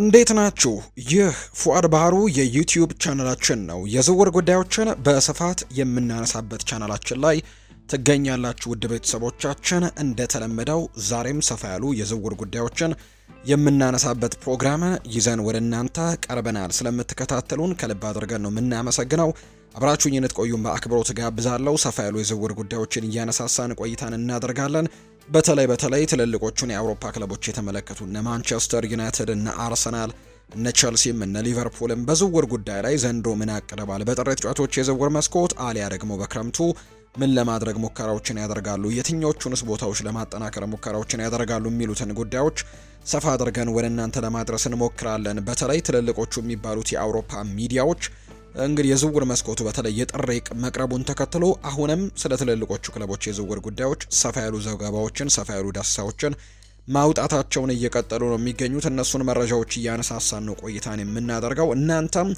እንዴት ናችሁ? ይህ ፉአድ ባህሩ የዩቲዩብ ቻናላችን ነው። የዝውውር ጉዳዮችን በስፋት የምናነሳበት ቻናላችን ላይ ትገኛላችሁ ውድ ቤተሰቦቻችን። እንደተለመደው ዛሬም ሰፋ ያሉ የዝውውር ጉዳዮችን የምናነሳበት ፕሮግራም ይዘን ወደ እናንተ ቀርበናል። ስለምትከታተሉን ከልብ አድርገን ነው የምናመሰግነው። አብራችሁኝ እንድትቆዩም በአክብሮት ጋብዛለሁ። ሰፋ ያሉ የዝውውር ጉዳዮችን እያነሳሳን ቆይታን እናደርጋለን። በተለይ በተለይ ትልልቆቹን የአውሮፓ ክለቦች የተመለከቱ እነ ማንቸስተር ዩናይትድ፣ እነ አርሰናል፣ እነ ቸልሲም እነ ሊቨርፑልም በዝውውር ጉዳይ ላይ ዘንድሮ ምን አቅደዋል? በጥሬ ተጫዋቾች የዝውውር መስኮት አሊያ ደግሞ በክረምቱ ምን ለማድረግ ሙከራዎችን ያደርጋሉ፣ የትኞቹንስ ቦታዎች ለማጠናከር ሙከራዎችን ያደርጋሉ የሚሉትን ጉዳዮች ሰፋ አድርገን ወደ እናንተ ለማድረስ እንሞክራለን። በተለይ ትልልቆቹ የሚባሉት የአውሮፓ ሚዲያዎች እንግዲህ የዝውውር መስኮቱ በተለይ የጥር መቅረቡን ተከትሎ አሁንም ስለ ትልልቆቹ ክለቦች የዝውውር ጉዳዮች ሰፋ ያሉ ዘገባዎችን ሰፋ ያሉ ዳሳዎችን ማውጣታቸውን እየቀጠሉ ነው የሚገኙት። እነሱን መረጃዎች እያነሳሳን ነው ቆይታን የምናደርገው እናንተም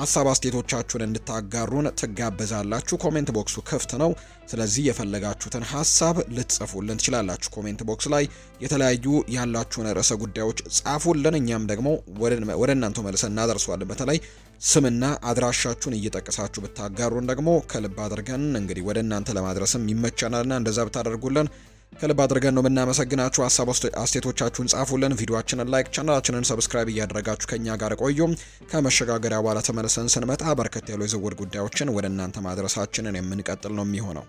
ሀሳብ አስቴቶቻችሁን እንድታጋሩን ትጋበዛላችሁ። ኮሜንት ቦክሱ ክፍት ነው። ስለዚህ የፈለጋችሁትን ሀሳብ ልትጽፉልን ትችላላችሁ። ኮሜንት ቦክስ ላይ የተለያዩ ያላችሁን ርዕሰ ጉዳዮች ጻፉልን። እኛም ደግሞ ወደ እናንተ መልሰን እናደርሰዋለን። በተለይ ስምና አድራሻችሁን እየጠቀሳችሁ ብታጋሩን ደግሞ ከልብ አድርገን እንግዲህ ወደ እናንተ ለማድረስም ይመቸናልና እንደዛ ብታደርጉልን ከልብ አድርገን ነው የምናመሰግናችሁ። ሀሳብ አስቴቶቻችሁን ጻፉልን። ቪዲዮችንን ላይክ፣ ቻናላችንን ሰብስክራይብ እያደረጋችሁ ከኛ ጋር ቆዩም። ከመሸጋገሪያ በኋላ ተመልሰን ስንመጣ በርከት ያሉ የዝውውር ጉዳዮችን ወደ እናንተ ማድረሳችንን የምንቀጥል ነው የሚሆነው።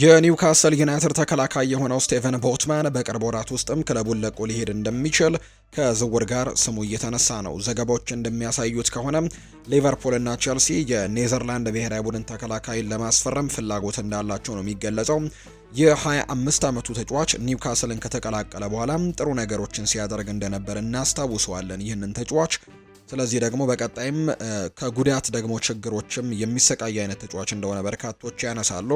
የኒውካስል ዩናይትድ ተከላካይ የሆነው ስቴቨን ቦትማን በቅርብ ወራት ውስጥም ክለቡን ለቆ ሊሄድ እንደሚችል ከዝውውር ጋር ስሙ እየተነሳ ነው። ዘገባዎች እንደሚያሳዩት ከሆነ ሊቨርፑልና ቼልሲ የኔዘርላንድ ብሔራዊ ቡድን ተከላካይን ለማስፈረም ፍላጎት እንዳላቸው ነው የሚገለጸው። የ25 ዓመቱ ተጫዋች ኒውካስልን ከተቀላቀለ በኋላ ጥሩ ነገሮችን ሲያደርግ እንደነበር እናስታውሰዋለን። ይህንን ተጫዋች ስለዚህ ደግሞ በቀጣይም ከጉዳት ደግሞ ችግሮችም የሚሰቃይ አይነት ተጫዋች እንደሆነ በርካቶች ያነሳሉ።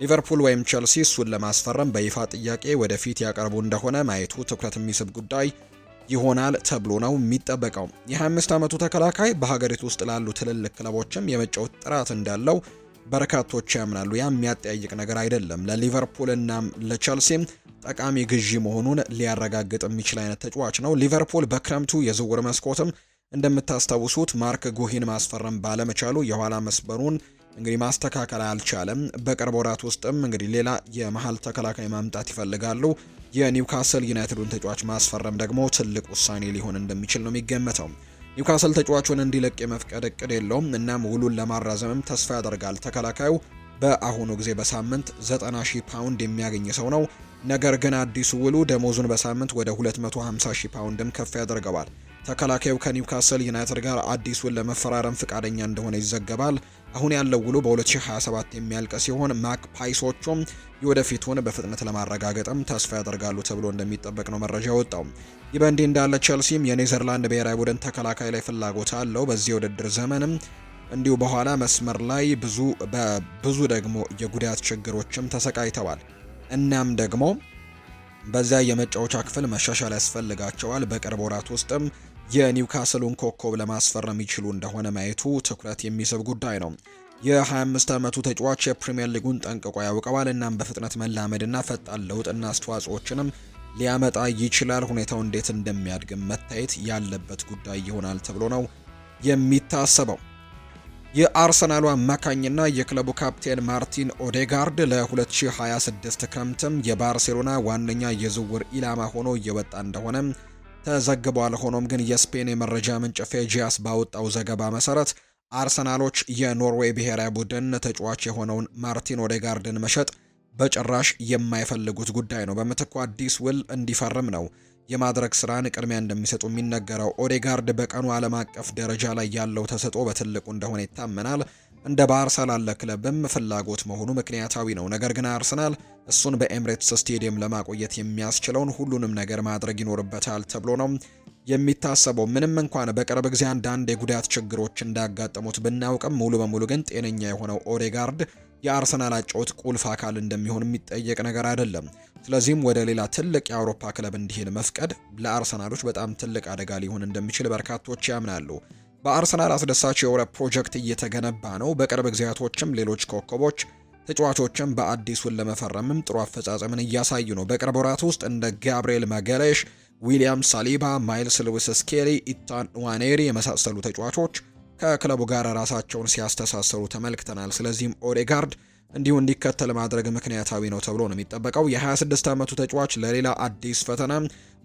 ሊቨርፑል ወይም ቸልሲ እሱን ለማስፈረም በይፋ ጥያቄ ወደፊት ያቀርቡ እንደሆነ ማየቱ ትኩረት የሚስብ ጉዳይ ይሆናል ተብሎ ነው የሚጠበቀው። የ25 ዓመቱ ተከላካይ በሀገሪቱ ውስጥ ላሉ ትልልቅ ክለቦችም የመጫወት ጥራት እንዳለው በርካቶች ያምናሉ። ያ የሚያጠያይቅ ነገር አይደለም። ለሊቨርፑልና ለቸልሲም ጠቃሚ ግዢ መሆኑን ሊያረጋግጥ የሚችል አይነት ተጫዋች ነው። ሊቨርፑል በክረምቱ የዝውውር መስኮትም እንደምታስታውሱት ማርክ ጉሂን ማስፈረም ባለመቻሉ የኋላ መስመሩን እንግዲህ ማስተካከል አልቻለም። በቅርብ ወራት ውስጥም እንግዲህ ሌላ የመሀል ተከላካይ ማምጣት ይፈልጋሉ። የኒውካስል ዩናይትዱን ተጫዋች ማስፈረም ደግሞ ትልቅ ውሳኔ ሊሆን እንደሚችል ነው የሚገመተው። ኒውካስል ተጫዋቹን እንዲለቅ የመፍቀድ እቅድ የለውም። እናም ውሉን ለማራዘምም ተስፋ ያደርጋል። ተከላካዩ በአሁኑ ጊዜ በሳምንት 90 ሺህ ፓውንድ የሚያገኝ ሰው ነው። ነገር ግን አዲሱ ውሉ ደሞዙን በሳምንት ወደ 250 ሺህ ፓውንድም ከፍ ያደርገዋል። ተከላካዩ ከኒውካስል ዩናይትድ ጋር አዲስ ውል ለመፈራረም ፍቃደኛ እንደሆነ ይዘገባል። አሁን ያለው ውሉ በ2027 የሚያልቅ ሲሆን ማክ ፓይሶቹም የወደፊቱን በፍጥነት ለማረጋገጥም ተስፋ ያደርጋሉ ተብሎ እንደሚጠበቅ ነው መረጃ ወጣው ይህ በእንዲህ እንዳለ ቸልሲም የኔዘርላንድ ብሔራዊ ቡድን ተከላካይ ላይ ፍላጎት አለው። በዚህ የውድድር ዘመንም እንዲሁ በኋላ መስመር ላይ ብዙ በብዙ ደግሞ የጉዳት ችግሮችም ተሰቃይተዋል። እናም ደግሞ በዚያ የመጫወቻ ክፍል መሻሻል ያስፈልጋቸዋል። በቅርብ ወራት ውስጥም የኒውካስሉን ኮከብ ለማስፈረም ይችሉ እንደሆነ ማየቱ ትኩረት የሚስብ ጉዳይ ነው። የ25 ዓመቱ ተጫዋች የፕሪምየር ሊጉን ጠንቅቆ ያውቀዋል። እናም በፍጥነት መላመድና ፈጣን ለውጥና አስተዋጽኦችንም ሊያመጣ ይችላል። ሁኔታው እንዴት እንደሚያድግም መታየት ያለበት ጉዳይ ይሆናል ተብሎ ነው የሚታሰበው። የአርሰናሉ አማካኝና የክለቡ ካፕቴን ማርቲን ኦዴጋርድ ለ2026 ክረምትም የባርሴሎና ዋነኛ የዝውውር ኢላማ ሆኖ እየወጣ እንደሆነ ተዘግቧል። ሆኖም ግን የስፔን የመረጃ ምንጭ ፌጂያስ ባወጣው ዘገባ መሰረት አርሰናሎች የኖርዌይ ብሔራዊ ቡድን ተጫዋች የሆነውን ማርቲን ኦዴጋርድን መሸጥ በጭራሽ የማይፈልጉት ጉዳይ ነው። በምትኩ አዲስ ውል እንዲፈርም ነው የማድረግ ስራን ቅድሚያ እንደሚሰጡ የሚነገረው ኦዴጋርድ በቀኑ ዓለም አቀፍ ደረጃ ላይ ያለው ተሰጥኦ በትልቁ እንደሆነ ይታመናል። እንደ ባርሳ ላለ ክለብም ፍላጎት መሆኑ ምክንያታዊ ነው። ነገር ግን አርሰናል እሱን በኤምሬትስ ስቴዲየም ለማቆየት የሚያስችለውን ሁሉንም ነገር ማድረግ ይኖርበታል ተብሎ ነው የሚታሰበው። ምንም እንኳን በቅርብ ጊዜ አንዳንድ የጉዳት ችግሮች እንዳጋጠሙት ብናውቅም ሙሉ በሙሉ ግን ጤነኛ የሆነው ኦዴጋርድ የአርሰናል አጨዋወት ቁልፍ አካል እንደሚሆን የሚጠየቅ ነገር አይደለም። ስለዚህም ወደ ሌላ ትልቅ የአውሮፓ ክለብ እንዲሄድ መፍቀድ ለአርሰናሎች በጣም ትልቅ አደጋ ሊሆን እንደሚችል በርካቶች ያምናሉ። በአርሰናል አስደሳች የውረት ፕሮጀክት እየተገነባ ነው። በቅርብ ጊዜያቶችም ሌሎች ኮከቦች ተጫዋቾችም በአዲሱን ለመፈረምም ጥሩ አፈጻጸምን እያሳዩ ነው። በቅርብ ወራት ውስጥ እንደ ጋብርኤል መገለሽ ዊሊያም ሳሊባ፣ ማይልስ ልዊስ ስኬሊ፣ ኢታን ዋኔሪ የመሳሰሉ ተጫዋቾች ከክለቡ ጋር ራሳቸውን ሲያስተሳሰሩ ተመልክተናል። ስለዚህም ኦዴጋርድ እንዲሁ እንዲከተል ማድረግ ምክንያታዊ ነው ተብሎ ነው የሚጠበቀው። የ26 ዓመቱ ተጫዋች ለሌላ አዲስ ፈተና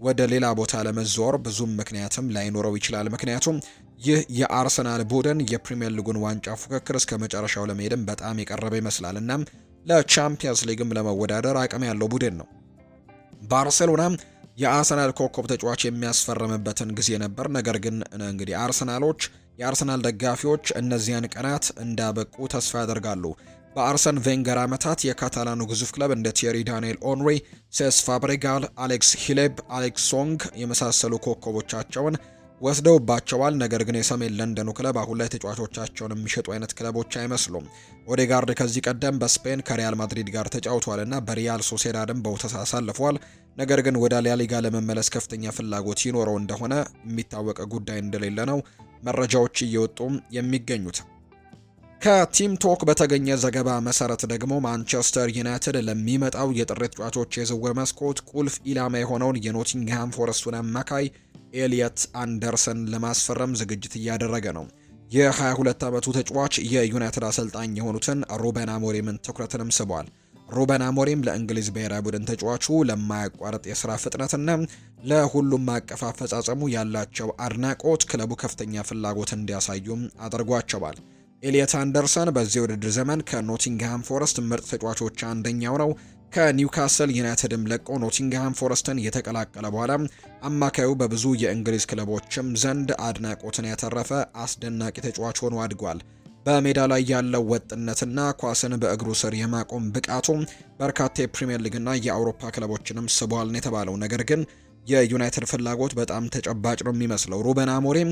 ወደ ሌላ ቦታ ለመዘዋወር ብዙም ምክንያትም ላይኖረው ይችላል። ምክንያቱም ይህ የአርሰናል ቡድን የፕሪምየር ሊጉን ዋንጫ ፉክክር እስከ መጨረሻው ለመሄድም በጣም የቀረበ ይመስላል። እና ለቻምፒየንስ ሊግም ለመወዳደር አቅም ያለው ቡድን ነው። ባርሴሎና የአርሰናል ኮከብ ተጫዋች የሚያስፈረምበትን ጊዜ ነበር። ነገር ግን እንግዲህ አርሰናሎች የአርሰናል ደጋፊዎች እነዚያን ቀናት እንዳበቁ ተስፋ ያደርጋሉ። በአርሰን ቬንገር ዓመታት የካታላኑ ግዙፍ ክለብ እንደ ቲየሪ ዳንኤል ኦንሪ፣ ሴስ ፋብሬጋል፣ አሌክስ ሂሌብ፣ አሌክስ ሶንግ የመሳሰሉ ኮከቦቻቸውን ወስደውባቸዋል። ነገር ግን የሰሜን ለንደኑ ክለብ አሁን ላይ ተጫዋቾቻቸውን የሚሸጡ አይነት ክለቦች አይመስሉም። ኦዴጋርድ ከዚህ ቀደም በስፔን ከሪያል ማድሪድ ጋር ተጫውቷል እና በሪያል ሶሴዳድም በውሰት አሳልፏል። ነገር ግን ወደ ላሊጋ ለመመለስ ከፍተኛ ፍላጎት ይኖረው እንደሆነ የሚታወቀ ጉዳይ እንደሌለ ነው መረጃዎች እየወጡ የሚገኙት። ከቲም ቶክ በተገኘ ዘገባ መሰረት ደግሞ ማንቸስተር ዩናይትድ ለሚመጣው የጥር ተጫዋቾች የዝውውር መስኮት ቁልፍ ኢላማ የሆነውን የኖቲንግሃም ፎረስቱን አማካይ ኤሊየት አንደርሰን ለማስፈረም ዝግጅት እያደረገ ነው። የ22 ዓመቱ ተጫዋች የዩናይትድ አሰልጣኝ የሆኑትን ሩበን አሞሪምን ትኩረትንም ስቧል። ሩበን አሞሪም ለእንግሊዝ ብሔራዊ ቡድን ተጫዋቹ ለማያቋርጥ የስራ ፍጥነትና ለሁሉም አቀፍ አፈጻጸሙ ያላቸው አድናቆት ክለቡ ከፍተኛ ፍላጎት እንዲያሳዩም አድርጓቸዋል። ኤሊየት አንደርሰን በዚህ ውድድር ዘመን ከኖቲንግሃም ፎረስት ምርጥ ተጫዋቾች አንደኛው ነው። ከኒውካስል ዩናይትድም ለቆ ኖቲንግሃም ፎረስትን የተቀላቀለ በኋላ አማካዩ በብዙ የእንግሊዝ ክለቦችም ዘንድ አድናቆትን ያተረፈ አስደናቂ ተጫዋች ሆኖ አድጓል። በሜዳ ላይ ያለው ወጥነትና ኳስን በእግሩ ስር የማቆም ብቃቱ በርካታ የፕሪምየር ሊግና የአውሮፓ ክለቦችንም ስቧል ነው የተባለው። ነገር ግን የዩናይትድ ፍላጎት በጣም ተጨባጭ ነው የሚመስለው። ሩበን አሞሪም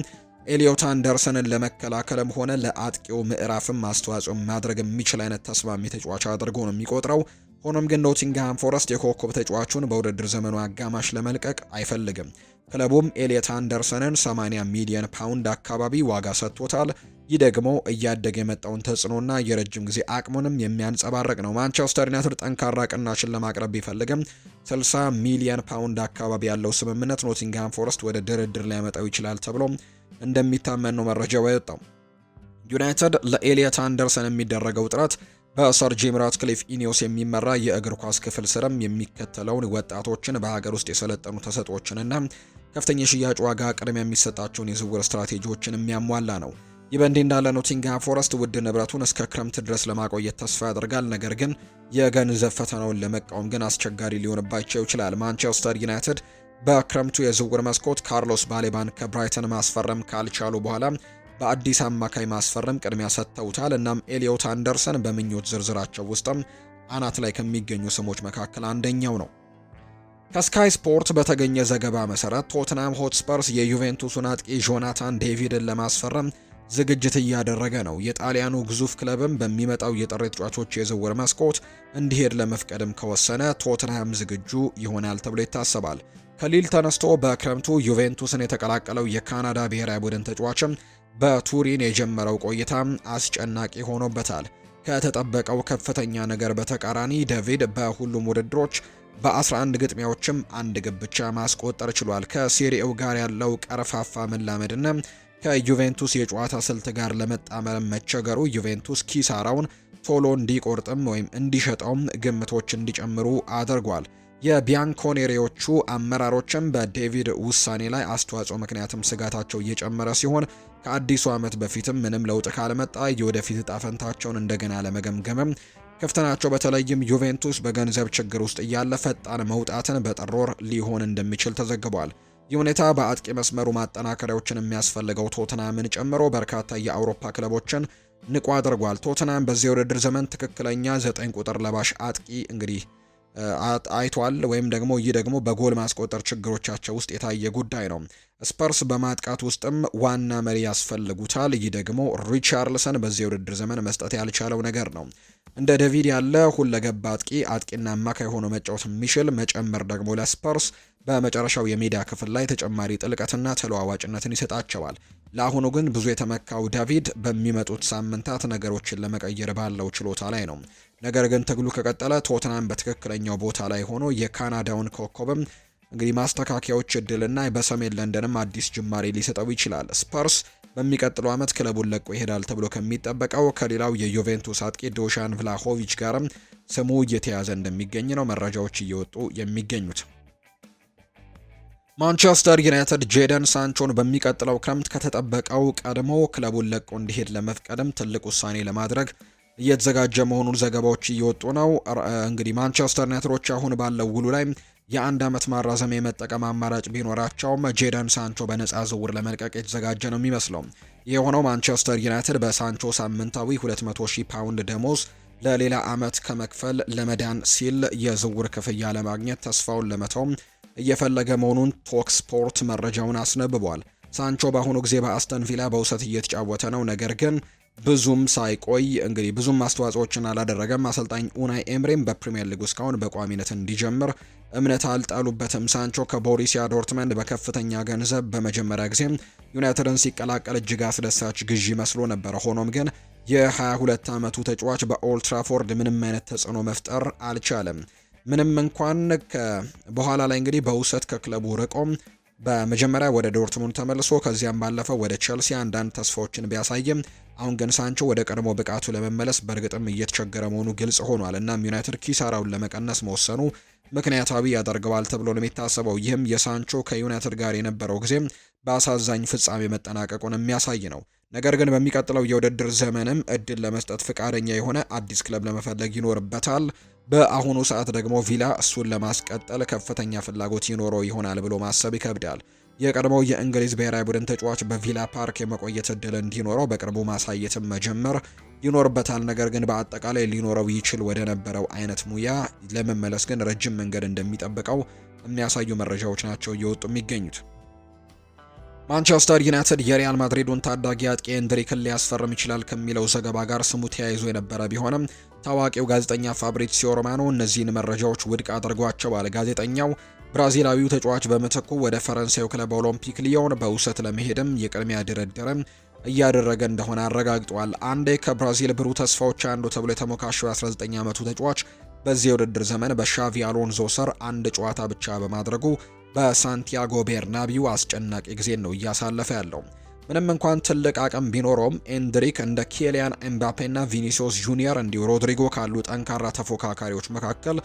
ኤሊዮት አንደርሰንን ለመከላከልም ሆነ ለአጥቂው ምዕራፍም አስተዋጽኦ ማድረግ የሚችል አይነት ተስማሚ ተጫዋች አድርጎ ነው የሚቆጥረው። ሆኖም ግን ኖቲንግሃም ፎረስት የኮከብ ተጫዋቹን በውድድር ዘመኑ አጋማሽ ለመልቀቅ አይፈልግም። ክለቡም ኤሊዮት አንደርሰንን 80 ሚሊዮን ፓውንድ አካባቢ ዋጋ ሰጥቶታል። ይህ ደግሞ እያደገ የመጣውን ተጽዕኖና የረጅም ጊዜ አቅሙንም የሚያንጸባረቅ ነው። ማንቸስተር ዩናይትድ ጠንካራ ቅናሽን ለማቅረብ ቢፈልግም 60 ሚሊዮን ፓውንድ አካባቢ ያለው ስምምነት ኖቲንግሃም ፎረስት ወደ ድርድር ሊያመጣው ይችላል ተብሎም እንደሚታመን ነው መረጃው የወጣው። ዩናይትድ ለኤሊየት አንደርሰን የሚደረገው ጥረት በሰር ጂም ራትክሊፍ ኢኒዮስ የሚመራ የእግር ኳስ ክፍል ስርም የሚከተለውን ወጣቶችን በሀገር ውስጥ የሰለጠኑ ተሰጥኦችንና ከፍተኛ የሽያጭ ዋጋ ቅድሚያ የሚሰጣቸውን የዝውውር ስትራቴጂዎችን የሚያሟላ ነው። ይህ በእንዲህ እንዳለ ኖቲንግሃም ፎረስት ውድ ንብረቱን እስከ ክረምት ድረስ ለማቆየት ተስፋ ያደርጋል። ነገር ግን የገንዘብ ፈተናውን ለመቃወም ግን አስቸጋሪ ሊሆንባቸው ይችላል። ማንቸስተር ዩናይትድ በክረምቱ የዝውውር መስኮት ካርሎስ ባሌባን ከብራይተን ማስፈረም ካልቻሉ በኋላ በአዲስ አማካይ ማስፈረም ቅድሚያ ሰጥተውታል። እናም ኤሊዮት አንደርሰን በምኞት ዝርዝራቸው ውስጥም አናት ላይ ከሚገኙ ስሞች መካከል አንደኛው ነው። ከስካይ ስፖርት በተገኘ ዘገባ መሰረት ቶትናም ሆትስፐርስ የዩቬንቱሱን አጥቂ ጆናታን ዴቪድን ለማስፈረም ዝግጅት እያደረገ ነው። የጣሊያኑ ግዙፍ ክለብም በሚመጣው የጥር ተጫዋቾች የዝውውር መስኮት እንዲሄድ ለመፍቀድም ከወሰነ ቶትናም ዝግጁ ይሆናል ተብሎ ይታሰባል። ከሊል ተነስቶ በክረምቱ ዩቬንቱስን የተቀላቀለው የካናዳ ብሔራዊ ቡድን ተጫዋችም በቱሪን የጀመረው ቆይታ አስጨናቂ ሆኖበታል። ከተጠበቀው ከፍተኛ ነገር በተቃራኒ ዴቪድ በሁሉም ውድድሮች በ11 ግጥሚያዎችም አንድ ግብ ብቻ ማስቆጠር ችሏል። ከሴሪኤው ጋር ያለው ቀርፋፋ መላመድና ከዩቬንቱስ የጨዋታ ስልት ጋር ለመጣመር መቸገሩ ዩቬንቱስ ኪሳራውን ቶሎ እንዲቆርጥም ወይም እንዲሸጠውም ግምቶች እንዲጨምሩ አድርጓል። የቢያንኮኔሬዎቹ አመራሮችም በዴቪድ ውሳኔ ላይ አስተዋጽኦ ምክንያትም ስጋታቸው እየጨመረ ሲሆን ከአዲሱ ዓመት በፊትም ምንም ለውጥ ካልመጣ የወደፊት እጣ ፈንታቸውን እንደገና ለመገምገምም ክፍት ናቸው። በተለይም ዩቬንቱስ በገንዘብ ችግር ውስጥ እያለ ፈጣን መውጣትን በጥር ወር ሊሆን እንደሚችል ተዘግቧል። ይህ ሁኔታ በአጥቂ መስመሩ ማጠናከሪያዎችን የሚያስፈልገው ቶትናምን ጨምሮ በርካታ የአውሮፓ ክለቦችን ንቁ አድርጓል። ቶትናም በዚህ ውድድር ዘመን ትክክለኛ ዘጠኝ ቁጥር ለባሽ አጥቂ እንግዲህ አይቷል ወይም ደግሞ ይህ ደግሞ በጎል ማስቆጠር ችግሮቻቸው ውስጥ የታየ ጉዳይ ነው። ስፐርስ በማጥቃት ውስጥም ዋና መሪ ያስፈልጉታል። ይህ ደግሞ ሪቻርልሰን በዚህ የውድድር ዘመን መስጠት ያልቻለው ነገር ነው። እንደ ዴቪድ ያለ ሁለገባ አጥቂ አጥቂና አማካይ ሆኖ መጫወት የሚችል መጨመር ደግሞ ለስፐርስ በመጨረሻው የሜዳ ክፍል ላይ ተጨማሪ ጥልቀትና ተለዋዋጭነትን ይሰጣቸዋል። ለአሁኑ ግን ብዙ የተመካው ዳቪድ በሚመጡት ሳምንታት ነገሮችን ለመቀየር ባለው ችሎታ ላይ ነው። ነገር ግን ትግሉ ከቀጠለ ቶትናም በትክክለኛው ቦታ ላይ ሆኖ የካናዳውን ኮከብም እንግዲህ ማስተካከያዎች እድልና በሰሜን ለንደንም አዲስ ጅማሬ ሊሰጠው ይችላል። ስፐርስ በሚቀጥለው ዓመት ክለቡን ለቆ ይሄዳል ተብሎ ከሚጠበቀው ከሌላው የዩቬንቱስ አጥቂ ዶሻን ቭላሆቪች ጋርም ስሙ እየተያዘ እንደሚገኝ ነው መረጃዎች እየወጡ የሚገኙት። ማንቸስተር ዩናይትድ ጄደን ሳንቾን በሚቀጥለው ክረምት ከተጠበቀው ቀድሞ ክለቡን ለቆ እንዲሄድ ለመፍቀድም ትልቅ ውሳኔ ለማድረግ እየተዘጋጀ መሆኑን ዘገባዎች እየወጡ ነው። እንግዲህ ማንቸስተር ዩናይትዶች አሁን ባለው ውሉ ላይ የአንድ ዓመት ማራዘም የመጠቀም አማራጭ ቢኖራቸውም ጄደን ሳንቾ በነፃ ዝውውር ለመልቀቅ የተዘጋጀ ነው የሚመስለው። የሆነው ማንቸስተር ዩናይትድ በሳንቾ ሳምንታዊ 200 ፓውንድ ደሞዝ ለሌላ ዓመት ከመክፈል ለመዳን ሲል የዝውውር ክፍያ ለማግኘት ተስፋውን ለመተውም እየፈለገ መሆኑን ቶክ ስፖርት መረጃውን አስነብቧል። ሳንቾ በአሁኑ ጊዜ በአስተን ቪላ በውሰት እየተጫወተ ነው። ነገር ግን ብዙም ሳይቆይ እንግዲህ ብዙም አስተዋጽኦችን አላደረገም። አሰልጣኝ ኡናይ ኤምሬም በፕሪምየር ሊግ እስካሁን በቋሚነት እንዲጀምር እምነት አልጣሉበትም። ሳንቾ ከቦሪሲያ ዶርትመንድ በከፍተኛ ገንዘብ በመጀመሪያ ጊዜ ዩናይትድን ሲቀላቀል እጅግ አስደሳች ግዢ መስሎ ነበረ። ሆኖም ግን የ22 ዓመቱ ተጫዋች በኦልትራፎርድ ምንም አይነት ተጽዕኖ መፍጠር አልቻለም። ምንም እንኳን በኋላ ላይ እንግዲህ በውሰት ከክለቡ ርቆም በመጀመሪያ ወደ ዶርትሙንድ ተመልሶ ከዚያም ባለፈው ወደ ቼልሲ አንዳንድ ተስፋዎችን ቢያሳይም አሁን ግን ሳንቾ ወደ ቀድሞ ብቃቱ ለመመለስ በእርግጥም እየተቸገረ መሆኑ ግልጽ ሆኗል። እናም ዩናይትድ ኪሳራውን ለመቀነስ መወሰኑ ምክንያታዊ ያደርገዋል ተብሎ ነው የሚታሰበው። ይህም የሳንቾ ከዩናይትድ ጋር የነበረው ጊዜ በአሳዛኝ ፍጻሜ መጠናቀቁን የሚያሳይ ነው። ነገር ግን በሚቀጥለው የውድድር ዘመንም እድል ለመስጠት ፈቃደኛ የሆነ አዲስ ክለብ ለመፈለግ ይኖርበታል። በአሁኑ ሰዓት ደግሞ ቪላ እሱን ለማስቀጠል ከፍተኛ ፍላጎት ይኖረው ይሆናል ብሎ ማሰብ ይከብዳል። የቀድሞው የእንግሊዝ ብሔራዊ ቡድን ተጫዋች በቪላ ፓርክ የመቆየት እድል እንዲኖረው በቅርቡ ማሳየትን መጀመር ይኖርበታል። ነገር ግን በአጠቃላይ ሊኖረው ይችል ወደ ነበረው አይነት ሙያ ለመመለስ ግን ረጅም መንገድ እንደሚጠብቀው የሚያሳዩ መረጃዎች ናቸው እየወጡ የሚገኙት። ማንቸስተር ዩናይትድ የሪያል ማድሪዱን ታዳጊ አጥቂ ኤንድሪክን ሊያስፈርም ይችላል ከሚለው ዘገባ ጋር ስሙ ተያይዞ የነበረ ቢሆንም ታዋቂው ጋዜጠኛ ፋብሪሲዮ ሮማኖ እነዚህን መረጃዎች ውድቅ አድርጓቸዋል። ጋዜጠኛው ብራዚላዊው ተጫዋች በምትኩ ወደ ፈረንሳዩ ክለብ ኦሎምፒክ ሊዮን በውሰት ለመሄድም የቅድሚያ ድርድርም እያደረገ እንደሆነ አረጋግጧል። አንዴ ከብራዚል ብሩ ተስፋዎች አንዱ ተብሎ የተሞካሸው የ19 ዓመቱ ተጫዋች በዚህ የውድድር ዘመን በሻቪ አሎንዞ ስር አንድ ጨዋታ ብቻ በማድረጉ በሳንቲያጎ ቤርናቢው አስጨናቂ ጊዜን ነው እያሳለፈ ያለው። ምንም እንኳን ትልቅ አቅም ቢኖረውም ኤንድሪክ እንደ ኬሊያን ኤምባፔና ቪኒሲዮስ ጁኒየር እንዲሁ ሮድሪጎ ካሉ ጠንካራ ተፎካካሪዎች መካከል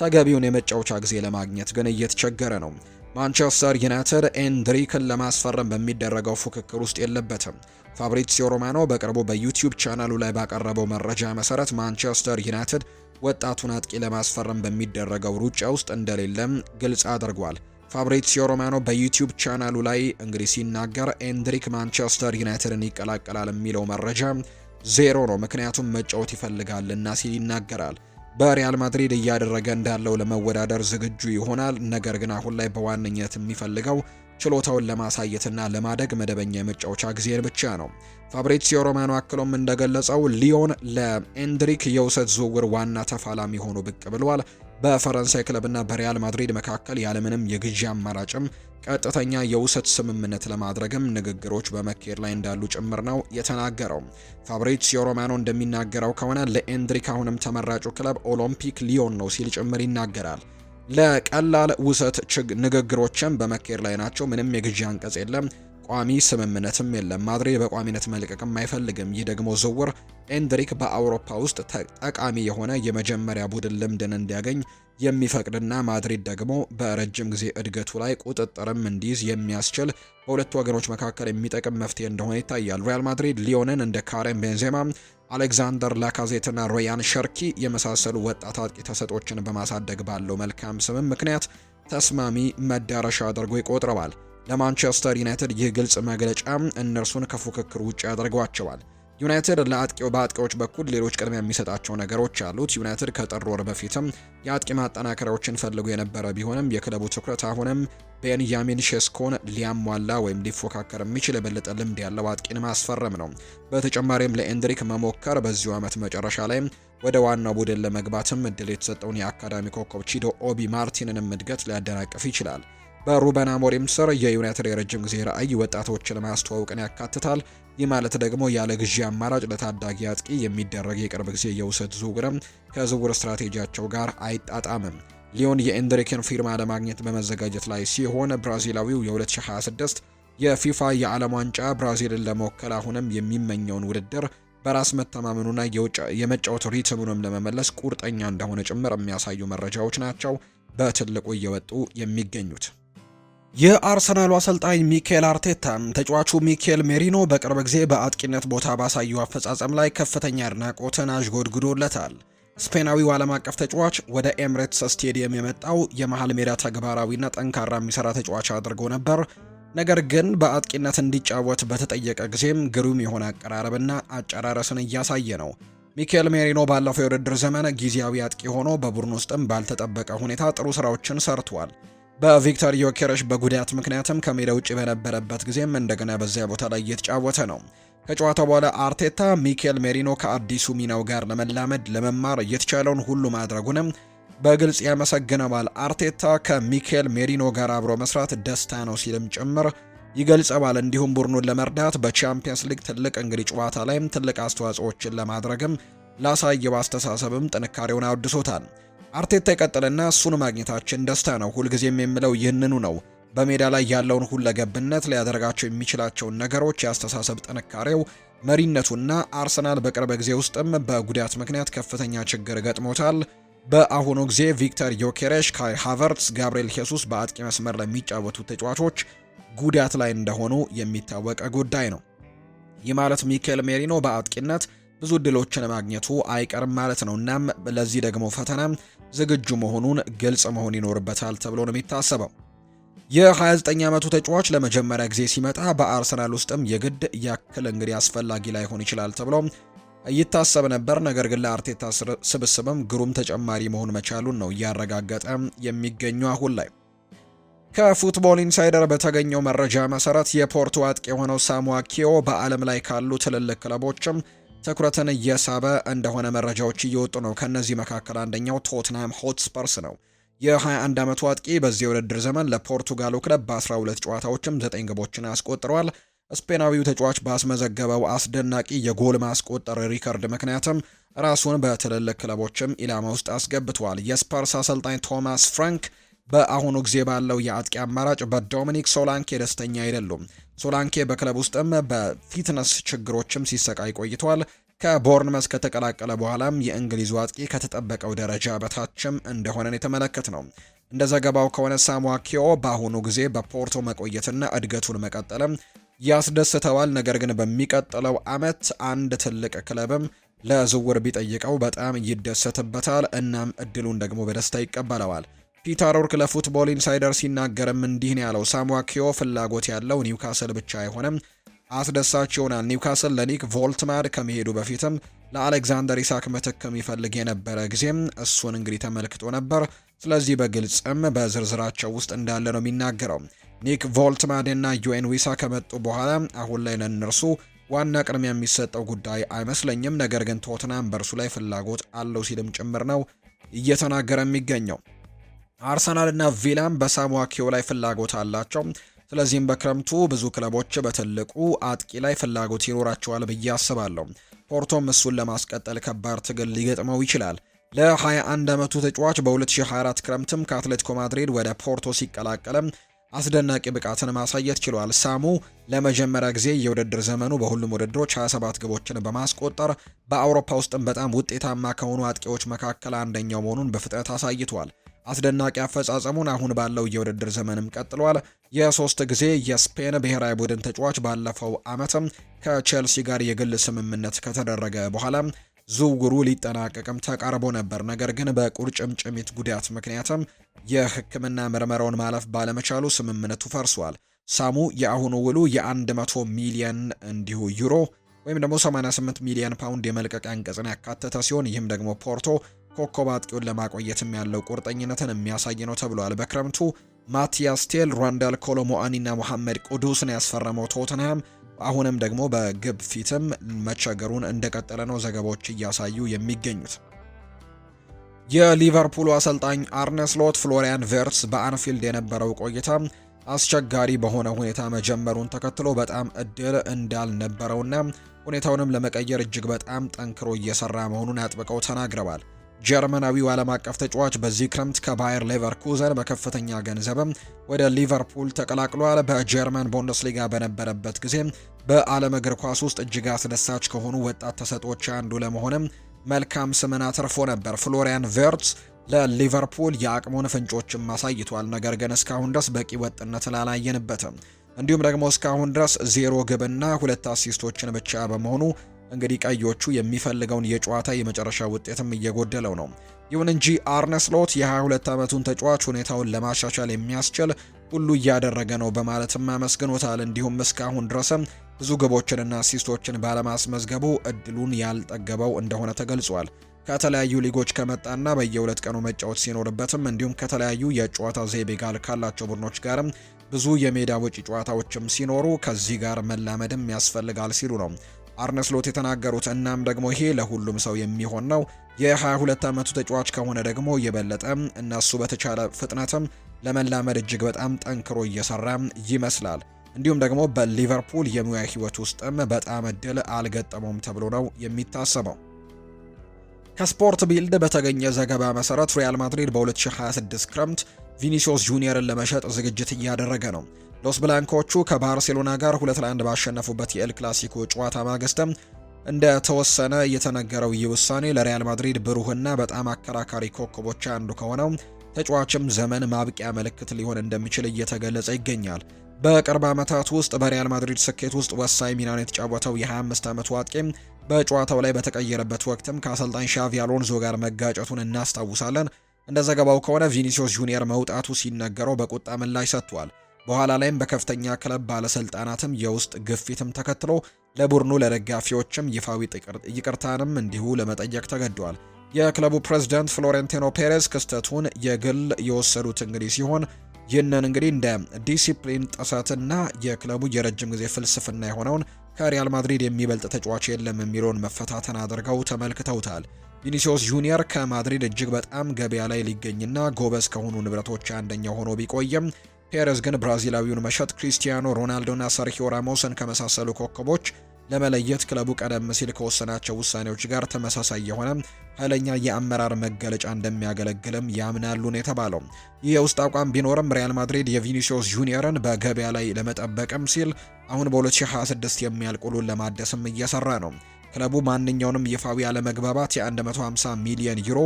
ተገቢውን የመጫወቻ ጊዜ ለማግኘት ግን እየተቸገረ ነው። ማንቸስተር ዩናይትድ ኤንድሪክን ለማስፈረም በሚደረገው ፉክክር ውስጥ የለበትም። ፋብሪሲዮ ሮማኖ በቅርቡ በዩቲዩብ ቻናሉ ላይ ባቀረበው መረጃ መሰረት ማንቸስተር ዩናይትድ ወጣቱን አጥቂ ለማስፈረም በሚደረገው ሩጫ ውስጥ እንደሌለም ግልጽ አድርጓል። ፋብሪሲዮ ሮማኖ በዩቲዩብ ቻናሉ ላይ እንግዲህ ሲናገር ኤንድሪክ ማንቸስተር ዩናይትድን ይቀላቀላል የሚለው መረጃ ዜሮ ነው፣ ምክንያቱም መጫወት ይፈልጋልና ሲል ይናገራል። በሪያል ማድሪድ እያደረገ እንዳለው ለመወዳደር ዝግጁ ይሆናል፣ ነገር ግን አሁን ላይ በዋነኝነት የሚፈልገው ችሎታውን ለማሳየትና ለማደግ መደበኛ የመጫወቻ ጊዜን ብቻ ነው። ፋብሪሲዮ ሮማኖ አክሎም እንደገለጸው ሊዮን ለኤንድሪክ የውሰት ዝውውር ዋና ተፋላሚ ሆኖ ብቅ ብሏል። በፈረንሳይ ክለብና በሪያል ማድሪድ መካከል ያለምንም የግዢ አማራጭም ቀጥተኛ የውሰት ስምምነት ለማድረግም ንግግሮች በመካሄድ ላይ እንዳሉ ጭምር ነው የተናገረው። ፋብሪዚዮ ሮማኖ እንደሚናገረው ከሆነ ለኤንድሪክ አሁንም ተመራጩ ክለብ ኦሎምፒክ ሊዮን ነው ሲል ጭምር ይናገራል። ለቀላል ውሰት ንግግሮችም በመካሄድ ላይ ናቸው። ምንም የግዢ አንቀጽ የለም። ቋሚ ስምምነትም የለም። ማድሪድ በቋሚነት መልቀቅም አይፈልግም። ይህ ደግሞ ዝውውር ኤንድሪክ በአውሮፓ ውስጥ ጠቃሚ የሆነ የመጀመሪያ ቡድን ልምድን እንዲያገኝ የሚፈቅድና ማድሪድ ደግሞ በረጅም ጊዜ እድገቱ ላይ ቁጥጥርም እንዲይዝ የሚያስችል በሁለቱ ወገኖች መካከል የሚጠቅም መፍትሄ እንደሆነ ይታያል። ሪያል ማድሪድ ሊዮንን እንደ ካሬም ቤንዜማ፣ አሌክዛንደር ላካዜትና ሮያን ሸርኪ የመሳሰሉ ወጣት አጥቂ ተሰጦችን በማሳደግ ባለው መልካም ስምም ምክንያት ተስማሚ መዳረሻ አድርጎ ይቆጥረዋል። ለማንቸስተር ዩናይትድ ይህ ግልጽ መግለጫ እነርሱን ከፉክክር ውጭ ያደርጓቸዋል። ዩናይትድ ለአጥቂው በአጥቂዎች በኩል ሌሎች ቅድሚያ የሚሰጣቸው ነገሮች አሉት። ዩናይትድ ከጥር ወር በፊትም የአጥቂ ማጠናከሪያዎችን ፈልጎ የነበረ ቢሆንም የክለቡ ትኩረት አሁንም ቤንያሚን ሼስኮን ሊያሟላ ወይም ሊፎካከር የሚችል የበለጠ ልምድ ያለው አጥቂን ማስፈረም ነው። በተጨማሪም ለኤንድሪክ መሞከር በዚሁ ዓመት መጨረሻ ላይ ወደ ዋናው ቡድን ለመግባትም እድል የተሰጠውን የአካዳሚ ኮከብ ቺዶ ኦቢ ማርቲንንም እድገት ሊያደናቅፍ ይችላል። በሩበን አሞሪም ስር የዩናይትድ የረጅም ጊዜ ራዕይ ወጣቶችን ማስተዋወቅን ያካትታል። ይህ ማለት ደግሞ ያለ ግዢ አማራጭ ለታዳጊ አጥቂ የሚደረግ የቅርብ ጊዜ የውሰት ዝውውርም ከዝውውር ስትራቴጂያቸው ጋር አይጣጣምም። ሊዮን የኤንድሪኬን ፊርማ ለማግኘት በመዘጋጀት ላይ ሲሆን ብራዚላዊው የ2026 የፊፋ የዓለም ዋንጫ ብራዚልን ለመወከል አሁንም የሚመኘውን ውድድር በራስ መተማመኑና የመጫወት ሪትሙንም ለመመለስ ቁርጠኛ እንደሆነ ጭምር የሚያሳዩ መረጃዎች ናቸው በትልቁ እየወጡ የሚገኙት። የአርሰናሉ አሰልጣኝ ሚኬል አርቴታ ተጫዋቹ ሚኬል ሜሪኖ በቅርብ ጊዜ በአጥቂነት ቦታ ባሳዩ አፈጻጸም ላይ ከፍተኛ አድናቆትን አዥጎድጉዶለታል። ስፔናዊው ዓለም አቀፍ ተጫዋች ወደ ኤምሬትስ ስቴዲየም የመጣው የመሃል ሜዳ ተግባራዊና ጠንካራ የሚሰራ ተጫዋች አድርጎ ነበር። ነገር ግን በአጥቂነት እንዲጫወት በተጠየቀ ጊዜም ግሩም የሆነ አቀራረብና አጨራረስን እያሳየ ነው። ሚኬል ሜሪኖ ባለፈው የውድድር ዘመን ጊዜያዊ አጥቂ ሆኖ በቡድን ውስጥም ባልተጠበቀ ሁኔታ ጥሩ ስራዎችን ሰርቷል። በቪክተር ዮኬረሽ በጉዳት ምክንያትም ከሜዳ ውጭ በነበረበት ጊዜም እንደገና በዚያ ቦታ ላይ እየተጫወተ ነው። ከጨዋታው በኋላ አርቴታ ሚኬል ሜሪኖ ከአዲሱ ሚናው ጋር ለመላመድ ለመማር እየተቻለውን ሁሉ ማድረጉንም በግልጽ ያመሰግነዋል። አርቴታ ከሚኬል ሜሪኖ ጋር አብሮ መስራት ደስታ ነው ሲልም ጭምር ይገልጸዋል። እንዲሁም ቡድኑን ለመርዳት በቻምፒየንስ ሊግ ትልቅ እንግዲህ ጨዋታ ላይም ትልቅ አስተዋጽኦዎችን ለማድረግም ላሳየው አስተሳሰብም ጥንካሬውን አወድሶታል። አርቴታ ይቀጥልና እሱን ማግኘታችን ደስታ ነው። ሁልጊዜም የምለው ይህንኑ ነው። በሜዳ ላይ ያለውን ሁለገብነት፣ ሊያደርጋቸው የሚችላቸውን ነገሮች፣ የአስተሳሰብ ጥንካሬው፣ መሪነቱና አርሰናል በቅርብ ጊዜ ውስጥም በጉዳት ምክንያት ከፍተኛ ችግር ገጥሞታል። በአሁኑ ጊዜ ቪክተር ዮኬሬሽ፣ ካይ ሃቨርትስ፣ ጋብርኤል ሄሱስ በአጥቂ መስመር ለሚጫወቱ ተጫዋቾች ጉዳት ላይ እንደሆኑ የሚታወቀ ጉዳይ ነው። ይህ ማለት ሚኬል ሜሪኖ በአጥቂነት ብዙ እድሎችን ማግኘቱ አይቀርም ማለት ነው። እናም ለዚህ ደግሞ ፈተና ዝግጁ መሆኑን ግልጽ መሆን ይኖርበታል ተብሎ ነው የሚታሰበው። የ29 ዓመቱ ተጫዋች ለመጀመሪያ ጊዜ ሲመጣ በአርሰናል ውስጥም የግድ ያክል እንግዲህ አስፈላጊ ላይሆን ይችላል ተብሎ ይታሰብ ነበር። ነገር ግን ለአርቴታ ስብስብም ግሩም ተጨማሪ መሆን መቻሉን ነው እያረጋገጠ የሚገኙ አሁን ላይ። ከፉትቦል ኢንሳይደር በተገኘው መረጃ መሰረት የፖርቱ አጥቂ የሆነው ሳሙዋኪዮ በዓለም ላይ ካሉ ትልልቅ ክለቦችም ትኩረትን እየሳበ እንደሆነ መረጃዎች እየወጡ ነው። ከእነዚህ መካከል አንደኛው ቶትናም ሆትስፐርስ ነው። የ21 ዓመቱ አጥቂ በዚህ የውድድር ዘመን ለፖርቱጋሉ ክለብ በ12 ጨዋታዎችም 9 ግቦችን አስቆጥሯል። ስፔናዊው ተጫዋች ባስመዘገበው አስደናቂ የጎል ማስቆጠር ሪከርድ ምክንያትም ራሱን በትልልቅ ክለቦችም ኢላማ ውስጥ አስገብቷል። የስፐርስ አሰልጣኝ ቶማስ ፍራንክ በአሁኑ ጊዜ ባለው የአጥቂ አማራጭ በዶሚኒክ ሶላንኬ ደስተኛ አይደሉም። ሶላንኬ በክለብ ውስጥም በፊትነስ ችግሮችም ሲሰቃይ ቆይቷል። ከቦርንመስ ከተቀላቀለ በኋላም የእንግሊዙ አጥቂ ከተጠበቀው ደረጃ በታችም እንደሆነን የተመለከት ነው። እንደ ዘገባው ከሆነ ሳሙዋኪዮ በአሁኑ ጊዜ በፖርቶ መቆየትና እድገቱን መቀጠልም ያስደስተዋል። ነገር ግን በሚቀጥለው ዓመት አንድ ትልቅ ክለብም ለዝውውር ቢጠይቀው በጣም ይደሰትበታል። እናም እድሉን ደግሞ በደስታ ይቀበለዋል። ፒተር ኦርክ ለፉትቦል ኢንሳይደር ሲናገርም እንዲህ ነው ያለው። ሳሙዋኪዮ ፍላጎት ያለው ኒውካስል ብቻ አይሆንም፣ አስደሳች ይሆናል። ኒውካስል ለኒክ ቮልትማድ ከመሄዱ በፊትም ለአሌክዛንደር ኢሳክ ምትክ የሚፈልግ የነበረ ጊዜም እሱን እንግዲህ ተመልክቶ ነበር። ስለዚህ በግልጽም በዝርዝራቸው ውስጥ እንዳለ ነው የሚናገረው። ኒክ ቮልትማድ እና ዩኤን ዊሳ ከመጡ በኋላ አሁን ላይ ለእነርሱ ዋና ቅድሚያ የሚሰጠው ጉዳይ አይመስለኝም፣ ነገር ግን ቶትናም በእርሱ ላይ ፍላጎት አለው ሲልም ጭምር ነው እየተናገረ የሚገኘው። አርሰናልና ቪላም በሳሙዋኪዮ ላይ ፍላጎት አላቸው። ስለዚህም በክረምቱ ብዙ ክለቦች በትልቁ አጥቂ ላይ ፍላጎት ይኖራቸዋል ብዬ አስባለሁ። ፖርቶም እሱን ለማስቀጠል ከባድ ትግል ሊገጥመው ይችላል። ለ21 ዓመቱ ተጫዋች በ2024 ክረምትም ከአትሌቲኮ ማድሪድ ወደ ፖርቶ ሲቀላቀልም አስደናቂ ብቃትን ማሳየት ችሏል። ሳሙ ለመጀመሪያ ጊዜ የውድድር ዘመኑ በሁሉም ውድድሮች 27 ግቦችን በማስቆጠር በአውሮፓ ውስጥም በጣም ውጤታማ ከሆኑ አጥቂዎች መካከል አንደኛው መሆኑን በፍጥነት አሳይቷል። አስደናቂ አፈጻጸሙን አሁን ባለው የውድድር ዘመንም ቀጥሏል። የሶስት ጊዜ የስፔን ብሔራዊ ቡድን ተጫዋች ባለፈው ዓመትም ከቼልሲ ጋር የግል ስምምነት ከተደረገ በኋላ ዝውውሩ ሊጠናቀቅም ተቃርቦ ነበር። ነገር ግን በቁርጭምጭሚት ጉዳት ምክንያትም የሕክምና ምርመራውን ማለፍ ባለመቻሉ ስምምነቱ ፈርሷል። ሳሙ የአሁኑ ውሉ የ100 ሚሊዮን እንዲሁ ዩሮ ወይም ደግሞ 88 ሚሊዮን ፓውንድ የመልቀቂያ አንቀጽን ያካተተ ሲሆን ይህም ደግሞ ፖርቶ ኮከብ አጥቂውን ለማቆየትም ያለው ቁርጠኝነትን የሚያሳይ ነው ተብሏል። በክረምቱ ማቲያስ ቴል፣ ሯንዳል ኮሎሞአኒ እና መሐመድ ቁዱስን ያስፈረመው ቶትንሃም አሁንም ደግሞ በግብ ፊትም መቸገሩን እንደቀጠለ ነው ዘገባዎች እያሳዩ የሚገኙት። የሊቨርፑሉ አሰልጣኝ አርነ ስሎት ፍሎሪያን ቬርትስ በአንፊልድ የነበረው ቆይታ አስቸጋሪ በሆነ ሁኔታ መጀመሩን ተከትሎ በጣም እድል እንዳልነበረውና ሁኔታውንም ለመቀየር እጅግ በጣም ጠንክሮ እየሰራ መሆኑን አጥብቀው ተናግረዋል። ጀርመናዊው ዓለም አቀፍ ተጫዋች በዚህ ክረምት ከባየር ሌቨርኩዘን በከፍተኛ ገንዘብም ወደ ሊቨርፑል ተቀላቅሏል። በጀርመን ቡንደስሊጋ በነበረበት ጊዜ በዓለም እግር ኳስ ውስጥ እጅግ አስደሳች ከሆኑ ወጣት ተሰጦች አንዱ ለመሆንም መልካም ስምን አትርፎ ነበር። ፍሎሪያን ቨርትስ ለሊቨርፑል የአቅሙን ፍንጮችም አሳይቷል። ነገር ግን እስካሁን ድረስ በቂ ወጥነትን አላየንበትም። እንዲሁም ደግሞ እስካሁን ድረስ ዜሮ ግብና ሁለት አሲስቶችን ብቻ በመሆኑ እንግዲህ ቀዮቹ የሚፈልገውን የጨዋታ የመጨረሻ ውጤትም እየጎደለው ነው። ይሁን እንጂ አርነስሎት የ22 ዓመቱን ተጫዋች ሁኔታውን ለማሻሻል የሚያስችል ሁሉ እያደረገ ነው በማለትም አመስግኖታል። እንዲሁም እስካሁን ድረስም ብዙ ግቦችንና አሲስቶችን ባለማስመዝገቡ እድሉን ያልጠገበው እንደሆነ ተገልጿል። ከተለያዩ ሊጎች ከመጣና በየሁለት ቀኑ መጫወት ሲኖርበትም እንዲሁም ከተለያዩ የጨዋታ ዘይቤ ጋር ካላቸው ቡድኖች ጋርም ብዙ የሜዳ ወጪ ጨዋታዎችም ሲኖሩ ከዚህ ጋር መላመድም ያስፈልጋል ሲሉ ነው አርነስሎት የተናገሩት። እናም ደግሞ ይሄ ለሁሉም ሰው የሚሆን ነው። የ22 ዓመቱ ተጫዋች ከሆነ ደግሞ የበለጠ እነሱ በተቻለ ፍጥነትም ለመላመድ እጅግ በጣም ጠንክሮ እየሰራ ይመስላል። እንዲሁም ደግሞ በሊቨርፑል የሙያ ህይወት ውስጥም በጣም እድል አልገጠመውም ተብሎ ነው የሚታሰበው። ከስፖርት ቢልድ በተገኘ ዘገባ መሰረት ሪያል ማድሪድ በ2026 ክረምት ቪኒሲዮስ ጁኒየርን ለመሸጥ ዝግጅት እያደረገ ነው። ሎስ ብላንኮቹ ከባርሴሎና ጋር ሁለት ለአንድ ባሸነፉበት የኤል ክላሲኮ ጨዋታ ማግስትም እንደተወሰነ የተነገረው ይህ ውሳኔ ለሪያል ማድሪድ ብሩህና በጣም አከራካሪ ኮከቦች አንዱ ከሆነው ተጫዋችም ዘመን ማብቂያ ምልክት ሊሆን እንደሚችል እየተገለጸ ይገኛል። በቅርብ ዓመታት ውስጥ በሪያል ማድሪድ ስኬት ውስጥ ወሳኝ ሚናን የተጫወተው የ25 ዓመቱ አጥቂም በጨዋታው ላይ በተቀየረበት ወቅትም ከአሰልጣኝ ሻቪ አሎንዞ ጋር መጋጨቱን እናስታውሳለን። እንደ ዘገባው ከሆነ ቪኒሲዮስ ጁኒየር መውጣቱ ሲነገረው በቁጣ ምላሽ ሰጥቷል። በኋላ ላይም በከፍተኛ ክለብ ባለስልጣናትም የውስጥ ግፊትም ተከትሎ ለቡድኑ ለደጋፊዎችም ይፋዊ ይቅርታንም እንዲሁ ለመጠየቅ ተገዷል። የክለቡ ፕሬዝዳንት ፍሎሬንቲኖ ፔሬዝ ክስተቱን የግል የወሰዱት እንግዲህ ሲሆን ይህንን እንግዲህ እንደ ዲሲፕሊን ጥሰትና የክለቡ የረጅም ጊዜ ፍልስፍና የሆነውን ከሪያል ማድሪድ የሚበልጥ ተጫዋች የለም የሚለውን መፈታተን አድርገው ተመልክተውታል። ቪኒሲዮስ ጁኒየር ከማድሪድ እጅግ በጣም ገበያ ላይ ሊገኝና ጎበዝ ከሆኑ ንብረቶች አንደኛው ሆኖ ቢቆይም ፔሬዝ ግን ብራዚላዊውን መሸጥ ክሪስቲያኖ ሮናልዶና ሰርኪዮ ራሞስን ከመሳሰሉ ኮከቦች ለመለየት ክለቡ ቀደም ሲል ከወሰናቸው ውሳኔዎች ጋር ተመሳሳይ የሆነ ኃይለኛ የአመራር መገለጫ እንደሚያገለግልም ያምናሉ ነው የተባለው። ይህ የውስጥ አቋም ቢኖርም ሪያል ማድሪድ የቪኒሲዮስ ጁኒየርን በገበያ ላይ ለመጠበቅም ሲል አሁን በ2026 የሚያልቅ ውሉን ለማደስም እየሰራ ነው። ክለቡ ማንኛውንም ይፋዊ አለመግባባት የ150 ሚሊዮን ዩሮ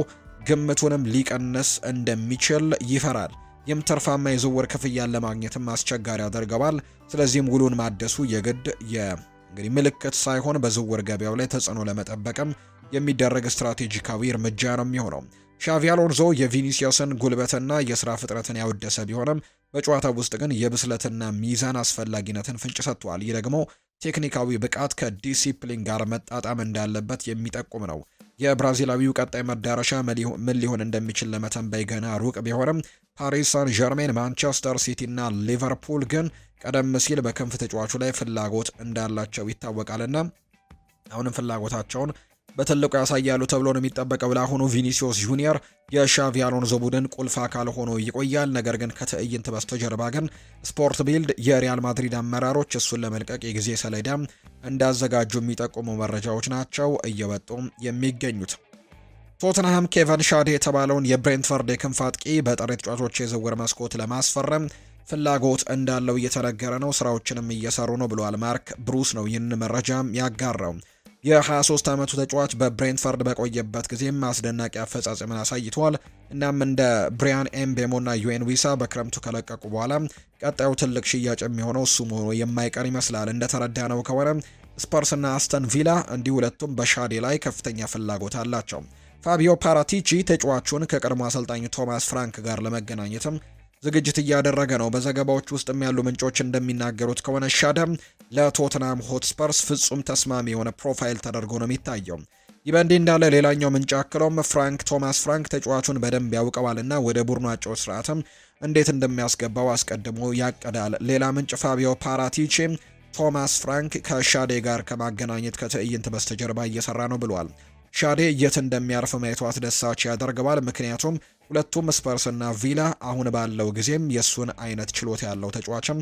ግምቱንም ሊቀንስ እንደሚችል ይፈራል። የምትርፋማ የዝውውር ክፍያን ለማግኘትም አስቸጋሪ ያደርገዋል። ስለዚህም ውሉን ማደሱ የግድ እንግዲህ ምልክት ሳይሆን በዝውውር ገበያው ላይ ተጽዕኖ ለመጠበቅም የሚደረግ ስትራቴጂካዊ እርምጃ ነው የሚሆነው። ሻቪ አሎንዞ የቪኒሲየስን ጉልበትና የስራ ፍጥረትን ያወደሰ ቢሆንም በጨዋታ ውስጥ ግን የብስለትና ሚዛን አስፈላጊነትን ፍንጭ ሰጥቷል። ይህ ደግሞ ቴክኒካዊ ብቃት ከዲሲፕሊን ጋር መጣጣም እንዳለበት የሚጠቁም ነው። የብራዚላዊው ቀጣይ መዳረሻ ምን ሊሆን እንደሚችል ለመተንበይ ገና ሩቅ ቢሆንም ፓሪስ ሳን ዠርሜን፣ ማንቸስተር ሲቲ እና ሊቨርፑል ግን ቀደም ሲል በክንፍ ተጫዋቹ ላይ ፍላጎት እንዳላቸው ይታወቃልና አሁንም ፍላጎታቸውን በትልቁ ያሳያሉ ተብሎ ነው የሚጠበቀው። ለአሁኑ ቪኒሲዮስ ጁኒየር የሻቪ አሎንዞ ቡድን ቁልፍ አካል ሆኖ ይቆያል። ነገር ግን ከትዕይንት በስተጀርባ ግን ስፖርት ቢልድ የሪያል ማድሪድ አመራሮች እሱን ለመልቀቅ የጊዜ ሰሌዳ እንዳዘጋጁ የሚጠቁሙ መረጃዎች ናቸው እየወጡ የሚገኙት። ቶትንሃም ኬቨን ሻዴ የተባለውን የብሬንትፈርድ የክንፍ አጥቂ በጥሬ ተጫዋቾች የዝውውር መስኮት ለማስፈረም ፍላጎት እንዳለው እየተነገረ ነው። ስራዎችንም እየሰሩ ነው ብሏል። ማርክ ብሩስ ነው ይህን መረጃም ያጋራው። የ23 ዓመቱ ተጫዋች በብሬንትፈርድ በቆየበት ጊዜም አስደናቂ አፈጻጸምን አሳይቷል። እናም እንደ ብሪያን ና ዩኤን ዊሳ በክረምቱ ከለቀቁ በኋላ ቀጣዩ ትልቅ ሽያጭ የሚሆነው እሱ መሆኑ የማይቀር ይመስላል። እንደተረዳ ነው ከሆነ ና አስተን ቪላ እንዲህ ሁለቱም በሻዴ ላይ ከፍተኛ ፍላጎት አላቸው። ፋቢዮ ፓራቲቺ ተጫዋቹን ከቀድሞ አሰልጣኙ ቶማስ ፍራንክ ጋር ለመገናኘትም ዝግጅት እያደረገ ነው። በዘገባዎች ውስጥም ያሉ ምንጮች እንደሚናገሩት ከሆነ ሻደም ለቶትናም ሆትስፐርስ ፍጹም ተስማሚ የሆነ ፕሮፋይል ተደርጎ ነው የሚታየው። ይህ በእንዲህ እንዳለ ሌላኛው ምንጭ አክለውም ፍራንክ ቶማስ ፍራንክ ተጫዋቹን በደንብ ያውቀዋልና ወደ ቡድኑ አጨዋወት ስርዓትም እንዴት እንደሚያስገባው አስቀድሞ ያቅዳል። ሌላ ምንጭ ፋቢዮ ፓራቲቺ ቶማስ ፍራንክ ከሻዴ ጋር ከማገናኘት ከትዕይንት በስተጀርባ እየሰራ ነው ብሏል። ሻዴ የት እንደሚያርፍ ማየቱ አስደሳች ያደርገዋል፣ ምክንያቱም ሁለቱም ስፐርስና ቪላ አሁን ባለው ጊዜም የእሱን አይነት ችሎታ ያለው ተጫዋችም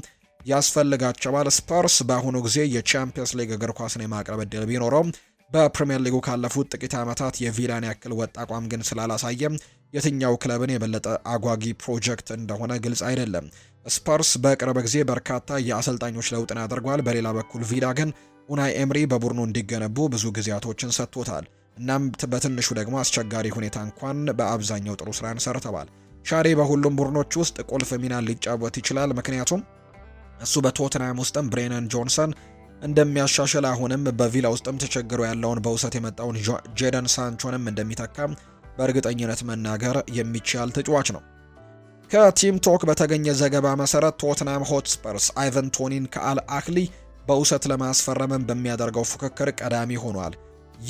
ያስፈልጋቸዋል። ስፐርስ በአሁኑ ጊዜ የቻምፒየንስ ሊግ እግር ኳስን የማቅረብ እድል ቢኖረውም በፕሪምየር ሊጉ ካለፉት ጥቂት ዓመታት የቪላን ያክል ወጥ አቋም ግን ስላላሳየም የትኛው ክለብን የበለጠ አጓጊ ፕሮጀክት እንደሆነ ግልጽ አይደለም። ስፐርስ በቅርብ ጊዜ በርካታ የአሰልጣኞች ለውጥን አድርጓል። በሌላ በኩል ቪላ ግን ኡናይ ኤምሪ በቡድኑ እንዲገነቡ ብዙ ጊዜያቶችን ሰጥቶታል። እናም በትንሹ ደግሞ አስቸጋሪ ሁኔታ እንኳን በአብዛኛው ጥሩ ስራን ሰርተዋል። ሻሪ በሁሉም ቡድኖች ውስጥ ቁልፍ ሚናን ሊጫወት ይችላል፣ ምክንያቱም እሱ በቶትናም ውስጥም ብሬነን ጆንሰን እንደሚያሻሽል አሁንም በቪላ ውስጥም ተቸግሮ ያለውን በውሰት የመጣውን ጄደን ሳንቾንም እንደሚተካ በእርግጠኝነት መናገር የሚቻል ተጫዋች ነው። ከቲም ቶክ በተገኘ ዘገባ መሰረት ቶትናም ሆትስፐርስ አይቨን ቶኒን ከአል አክሊ በውሰት ለማስፈረምን በሚያደርገው ፉክክር ቀዳሚ ሆኗል።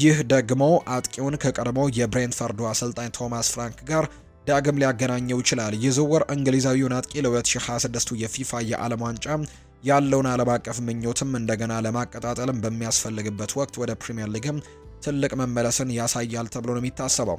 ይህ ደግሞ አጥቂውን ከቀድሞ የብሬንፈርዱ አሰልጣኝ ቶማስ ፍራንክ ጋር ዳግም ሊያገናኘው ይችላል። ይህ ዝውውር እንግሊዛዊውን አጥቂ ለ2026 የፊፋ የዓለም ዋንጫ ያለውን ዓለም አቀፍ ምኞትም እንደገና ለማቀጣጠልም በሚያስፈልግበት ወቅት ወደ ፕሪምየር ሊግም ትልቅ መመለስን ያሳያል ተብሎ ነው የሚታሰበው።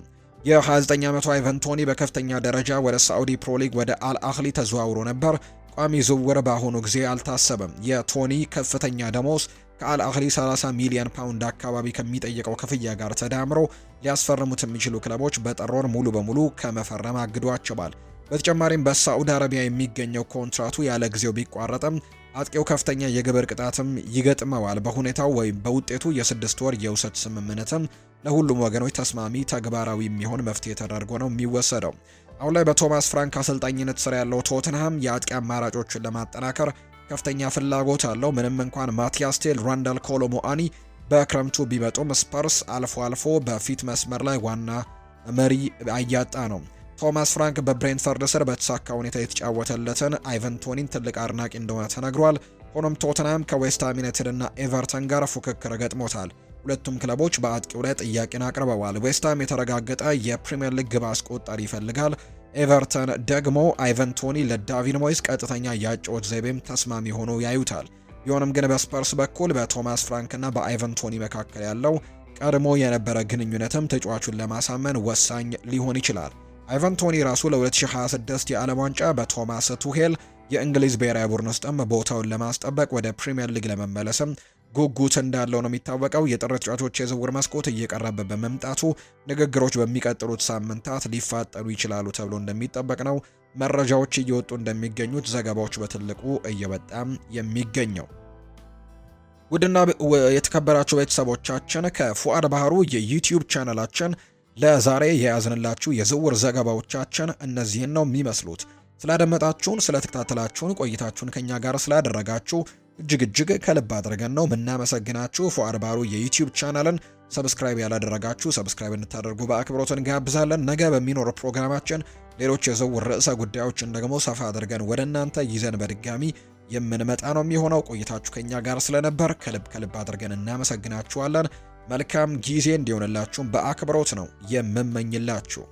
የ29 ዓመቱ አይቨን ቶኒ በከፍተኛ ደረጃ ወደ ሳዑዲ ፕሮሊግ ወደ አልአህሊ ተዘዋውሮ ነበር። ቋሚ ዝውውር በአሁኑ ጊዜ አልታሰበም። የቶኒ ከፍተኛ ደሞዝ ከአልአህሊ 30 ሚሊዮን ፓውንድ አካባቢ ከሚጠይቀው ክፍያ ጋር ተዳምሮ ሊያስፈርሙት የሚችሉ ክለቦች በጠሮር ሙሉ በሙሉ ከመፈረም አግዷቸዋል። በተጨማሪም በሳዑዲ አረቢያ የሚገኘው ኮንትራቱ ያለ ጊዜው ቢቋረጥም አጥቂው ከፍተኛ የግብር ቅጣትም ይገጥመዋል። በሁኔታው ወይም በውጤቱ የስድስት ወር የውሰት ስምምነትም ለሁሉም ወገኖች ተስማሚ ተግባራዊ የሚሆን መፍትሄ ተደርጎ ነው የሚወሰደው። አሁን ላይ በቶማስ ፍራንክ አሰልጣኝነት ስር ያለው ቶትንሃም የአጥቂ አማራጮችን ለማጠናከር ከፍተኛ ፍላጎት አለው። ምንም እንኳን ማቲያስ ቴል፣ ራንዳል ኮሎሞአኒ በክረምቱ ቢመጡም ስፐርስ አልፎ አልፎ በፊት መስመር ላይ ዋና መሪ አያጣ ነው። ቶማስ ፍራንክ በብሬንፈርድ ስር በተሳካ ሁኔታ የተጫወተለትን ቶኒን ትልቅ አድናቂ እንደሆነ ተነግሯል። ሆኖም ቶትናም ከዌስትሃም ዩናይትድ እና ኤቨርተን ጋር ፉክክር ገጥሞታል። ሁለቱም ክለቦች በአጥቂው ላይ ጥያቄን አቅርበዋል። ዌስትሃም የተረጋገጠ የፕሪምየር ሊግ ግብ አስቆጣሪ ይፈልጋል። ኤቨርተን ደግሞ አይቨን ቶኒ ለዳቪድ ሞይስ ቀጥተኛ የአጨዋወት ዘይቤም ተስማሚ ሆኖ ያዩታል። ቢሆንም ግን በስፐርስ በኩል በቶማስ ፍራንክና በአይቨን ቶኒ መካከል ያለው ቀድሞ የነበረ ግንኙነትም ተጫዋቹን ለማሳመን ወሳኝ ሊሆን ይችላል። አይቫን ቶኒ ራሱ ለ2026 የዓለም ዋንጫ በቶማስ ቱሄል የእንግሊዝ ብሔራዊ ቡድን ውስጥም ቦታውን ለማስጠበቅ ወደ ፕሪምየር ሊግ ለመመለስም ጉጉት እንዳለው ነው የሚታወቀው። የጥር ተጫዋቾች የዝውውር መስኮት እየቀረበ በመምጣቱ ንግግሮች በሚቀጥሉት ሳምንታት ሊፋጠኑ ይችላሉ ተብሎ እንደሚጠበቅ ነው መረጃዎች እየወጡ እንደሚገኙት ዘገባዎች በትልቁ እየበጣም የሚገኘው። ውድና የተከበራችሁ ቤተሰቦቻችን ከፉአድ ባህሩ የዩቲዩብ ቻናላችን ለዛሬ የያዝንላችሁ የዝውውር ዘገባዎቻችን እነዚህን ነው የሚመስሉት። ስላደመጣችሁን፣ ስለተከታተላችሁን፣ ቆይታችሁን ከኛ ጋር ስላደረጋችሁ እጅግ እጅግ ከልብ አድርገን ነው ምናመሰግናችሁ። ፎአር የዩቲዩብ ቻናልን ሰብስክራይብ ያላደረጋችሁ ሰብስክራይብ እንድታደርጉ በአክብሮት እንጋብዛለን። ነገ በሚኖር ፕሮግራማችን ሌሎች የዝውውር ርዕሰ ጉዳዮችን ደግሞ ሰፋ አድርገን ወደ እናንተ ይዘን በድጋሚ የምንመጣ ነው የሚሆነው። ቆይታችሁ ከኛ ጋር ስለነበር ከልብ ከልብ አድርገን እናመሰግናችኋለን። መልካም ጊዜ እንዲሆንላችሁም በአክብሮት ነው የምመኝላችሁ።